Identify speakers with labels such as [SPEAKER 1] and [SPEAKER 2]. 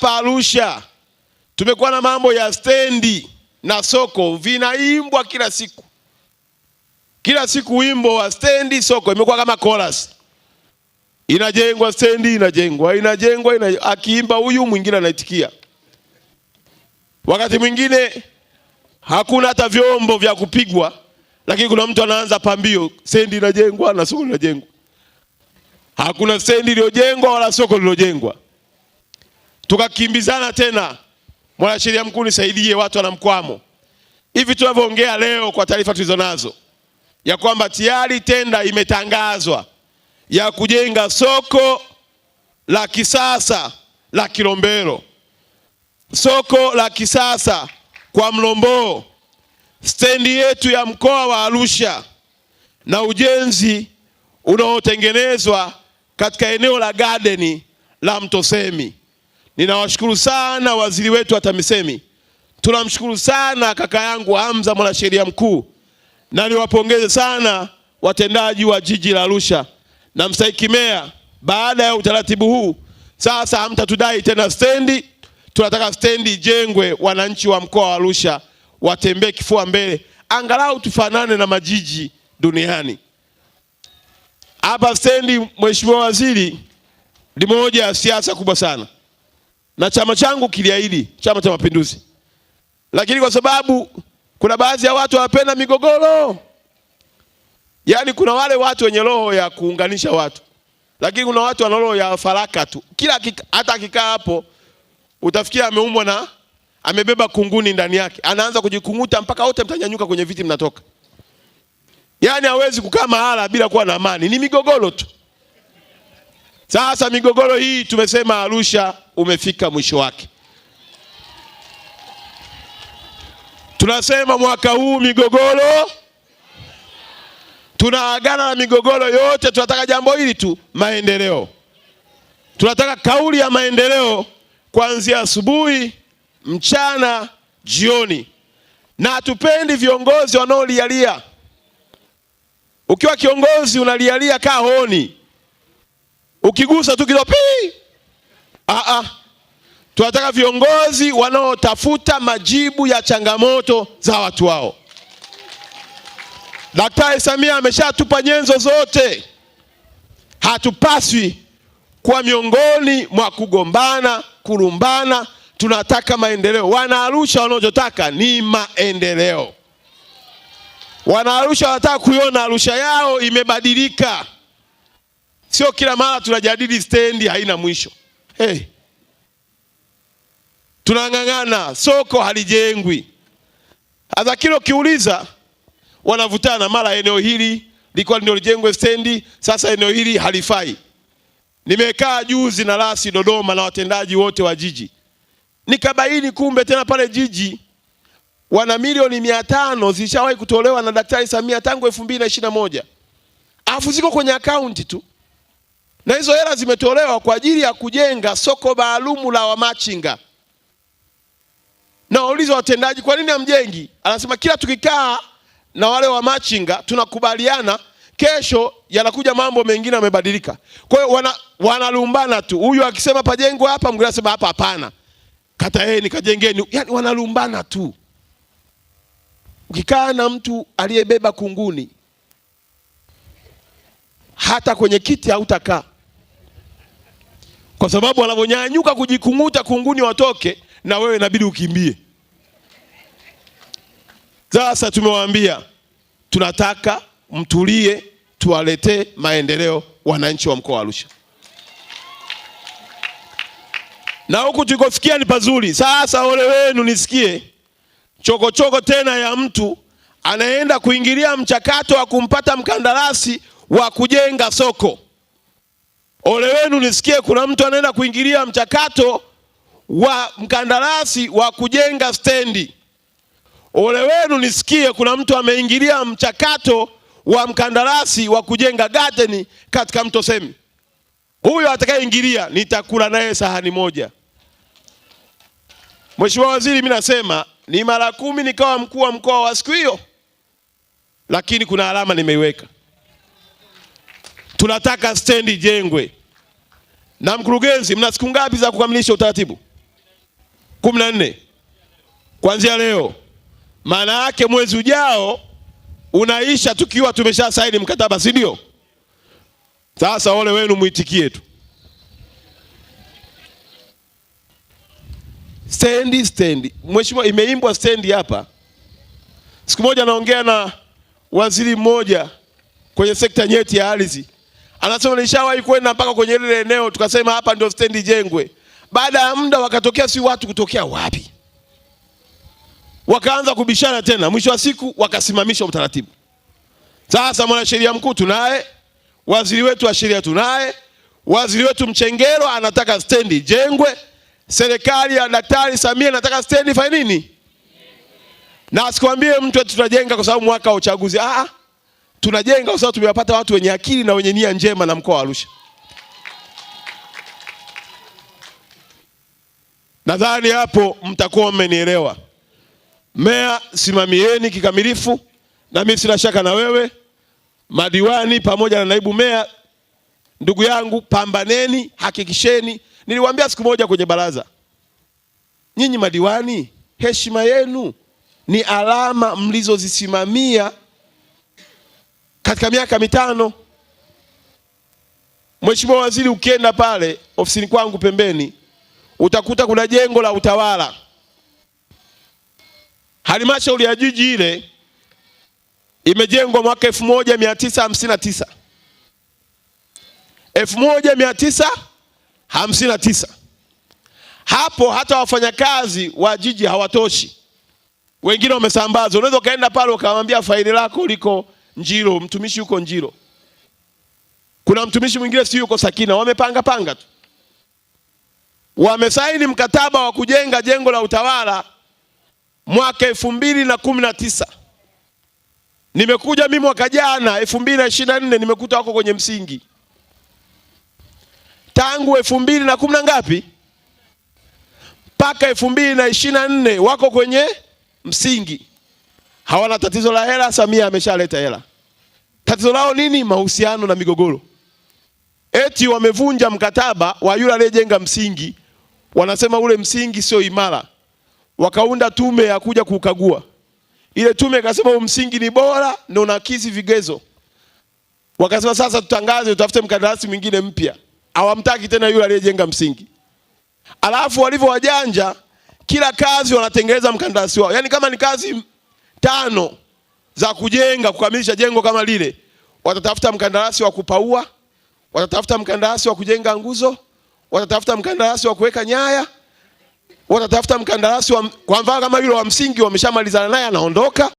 [SPEAKER 1] hapa Arusha tumekuwa na mambo ya stendi na soko vinaimbwa kila siku, kila siku wimbo wa stendi soko, imekuwa kama chorus, inajengwa stendi, inajengwa inajengwa, inajengwa. Akiimba huyu mwingine anaitikia, wakati mwingine hakuna hata vyombo vya kupigwa, lakini kuna mtu anaanza pambio, stendi inajengwa na soko linajengwa. Hakuna stendi iliyojengwa wala soko lililojengwa tukakimbizana tena, mwanasheria mkuu nisaidie, watu wana mkwamo. Hivi tunavyoongea leo, kwa taarifa tulizonazo ya kwamba tayari tenda imetangazwa ya kujenga soko la kisasa la Kilombero, soko la kisasa kwa Mlomboo, stendi yetu ya mkoa wa Arusha na ujenzi unaotengenezwa katika eneo la gardeni la Mtosemi. Ninawashukuru sana waziri wetu wa TAMISEMI, tunamshukuru sana kaka yangu Hamza mwanasheria mkuu, na niwapongeze sana watendaji wa jiji la Arusha na mstahiki meya. Baada ya utaratibu huu sasa, hamtatudai tena stendi. Tunataka stendi ijengwe, wananchi wa mkoa wa Arusha watembee kifua mbele, angalau tufanane na majiji duniani. Hapa stendi, mheshimiwa waziri, ni moja ya siasa kubwa sana na chama changu kiliahidi, Chama cha Mapinduzi, lakini kwa sababu kuna baadhi ya watu wanapenda migogoro, yaani kuna wale watu wenye roho ya kuunganisha watu, lakini kuna watu wana roho ya faraka tu. Kila hata akikaa hapo utafikia ameumwa na amebeba kunguni ndani yake, anaanza kujikunguta mpaka wote mtanyanyuka kwenye viti mnatoka. Yaani hawezi kukaa mahala bila kuwa na amani, ni migogoro tu. Sasa migogoro hii tumesema Arusha umefika mwisho wake. Tunasema mwaka huu migogoro, tunaagana na migogoro yote. Tunataka jambo hili tu, maendeleo. Tunataka kauli ya maendeleo kuanzia asubuhi, mchana, jioni, na hatupendi viongozi wanaolialia. Ukiwa kiongozi unalialia kaa honi, ukigusa tu kidogo Aa, ah, ah. tunataka viongozi wanaotafuta majibu ya changamoto za watu wao. Daktari Samia ameshatupa nyenzo zote, hatupaswi kuwa miongoni mwa kugombana, kulumbana. Tunataka maendeleo. Wanaarusha wanachotaka ni maendeleo. Wanaarusha wanataka kuiona Arusha yao imebadilika, sio kila mara tunajadili stendi haina mwisho hey. Tunang'ang'ana, soko halijengwi. Hata kila ukiuliza wanavutana, mara eneo hili likuwa ndio lijengwe stendi, sasa eneo hili halifai. Nimekaa juzi na rasi Dodoma na watendaji wote wa jiji, nikabaini kumbe tena pale jiji wana milioni mia tano zishawahi kutolewa na Daktari Samia tangu elfu mbili na ishirini na moja alafu ziko kwenye akaunti tu na hizo hela zimetolewa kwa ajili ya kujenga soko maalumu la wamachinga. Na wauliza watendaji, kwa nini hamjengi? Anasema kila tukikaa na wale wamachinga tunakubaliana, kesho yanakuja mambo mengine yamebadilika. Kwa hiyo wana, wanalumbana tu, huyu akisema pajengwe hapa, mwingine anasema hapa hapana, yeye nikajengeni. Yani wanalumbana tu. Ukikaa na mtu aliyebeba kunguni hata kwenye kiti hautakaa kwa sababu wanavyonyanyuka kujikung'uta kunguni watoke, na wewe inabidi ukimbie. Sasa tumewaambia tunataka mtulie, tuwaletee maendeleo wananchi wa mkoa wa Arusha, na huku tulikofikia ni pazuri. Sasa ole wenu nisikie chokochoko choko tena ya mtu anaenda kuingilia mchakato wa kumpata mkandarasi wa kujenga soko. Ole wenu nisikie kuna mtu anaenda kuingilia mchakato wa mkandarasi wa kujenga stendi. Ole wenu nisikie kuna mtu ameingilia mchakato wa mkandarasi wa kujenga garden katika mto Semi. Huyo atakayeingilia nitakula naye sahani moja. Mheshimiwa Waziri, mimi nasema ni mara kumi nikawa mkuu wa mkoa wa siku hiyo, lakini kuna alama nimeiweka. Tunataka stendi jengwe na mkurugenzi, mna siku ngapi za kukamilisha utaratibu? kumi na nne kuanzia leo. Maana yake mwezi ujao unaisha tukiwa tumesha saini mkataba, si ndio? Sasa ole wenu, muitikie tu. Stendi, stendi. Mheshimiwa, imeimbwa stendi hapa. Siku moja naongea na waziri mmoja kwenye sekta nyeti ya ardhi anasema nishawahi kwenda mpaka kwenye lile eneo, tukasema hapa ndio stendi jengwe. Baada ya muda wakatokea si watu kutokea wapi, wakaanza kubishana tena, mwisho wa siku wakasimamisha utaratibu. Sasa mwanasheria mkuu tunaye, waziri wetu wa sheria tunaye, waziri wetu Mchengero anataka stendi jengwe, serikali ya Daktari Samia anataka stendi fanya nini? Na asikwambie mtu tutajenga kwa sababu mwaka wa uchaguzi. Ah, Ah, tunajenga kwa sababu tumewapata watu wenye akili na wenye nia njema na mkoa wa Arusha. Nadhani hapo mtakuwa mmenielewa. Meya, simamieni kikamilifu, na mimi sina shaka na wewe. Madiwani pamoja na naibu meya, ndugu yangu, pambaneni, hakikisheni. Niliwaambia siku moja kwenye baraza, nyinyi madiwani, heshima yenu ni alama mlizozisimamia katika miaka mitano. Mheshimiwa Waziri, ukienda pale ofisini kwangu pembeni utakuta kuna jengo la utawala. Halmashauri ya jiji ile imejengwa mwaka elfu moja mia tisa hamsini na tisa elfu moja mia tisa hamsini na tisa Hapo hata wafanyakazi wa jiji hawatoshi, wengine wamesambazwa. Unaweza ukaenda pale ukamwambia faili lako liko Njiro, mtumishi yuko Njiro, kuna mtumishi mwingine si yuko Sakina, wamepanga panga tu, wamesaini mkataba wa kujenga jengo la utawala mwaka elfu mbili na kumi na tisa. Nimekuja mimi mwaka jana elfu mbili na ishirini na nne nimekuta wako kwenye msingi tangu elfu mbili na kumi na ngapi mpaka elfu mbili na ishirini na nne wako kwenye msingi, hawana tatizo la hela. Samia ameshaleta hela. Tatizo lao nini? Mahusiano na migogoro. Eti wamevunja mkataba wa yule aliyejenga msingi, wanasema ule msingi sio imara, wakaunda tume ya kuja kukagua. Ile tume ikasema huu msingi ni bora na unakizi vigezo, wakasema sasa tutangaze, utafute mkandarasi mwingine mpya. Hawamtaki tena yule aliyejenga msingi. Alafu walivyo wajanja, kila kazi wanatengeneza mkandarasi wao, yaani kama ni kazi tano za kujenga kukamilisha jengo kama lile, watatafuta mkandarasi wa kupaua, watatafuta mkandarasi wa kujenga nguzo, watatafuta mkandarasi wa kuweka nyaya, watatafuta mkandarasi wa, kwa mfano kama yule wa msingi wameshamalizana naye, anaondoka.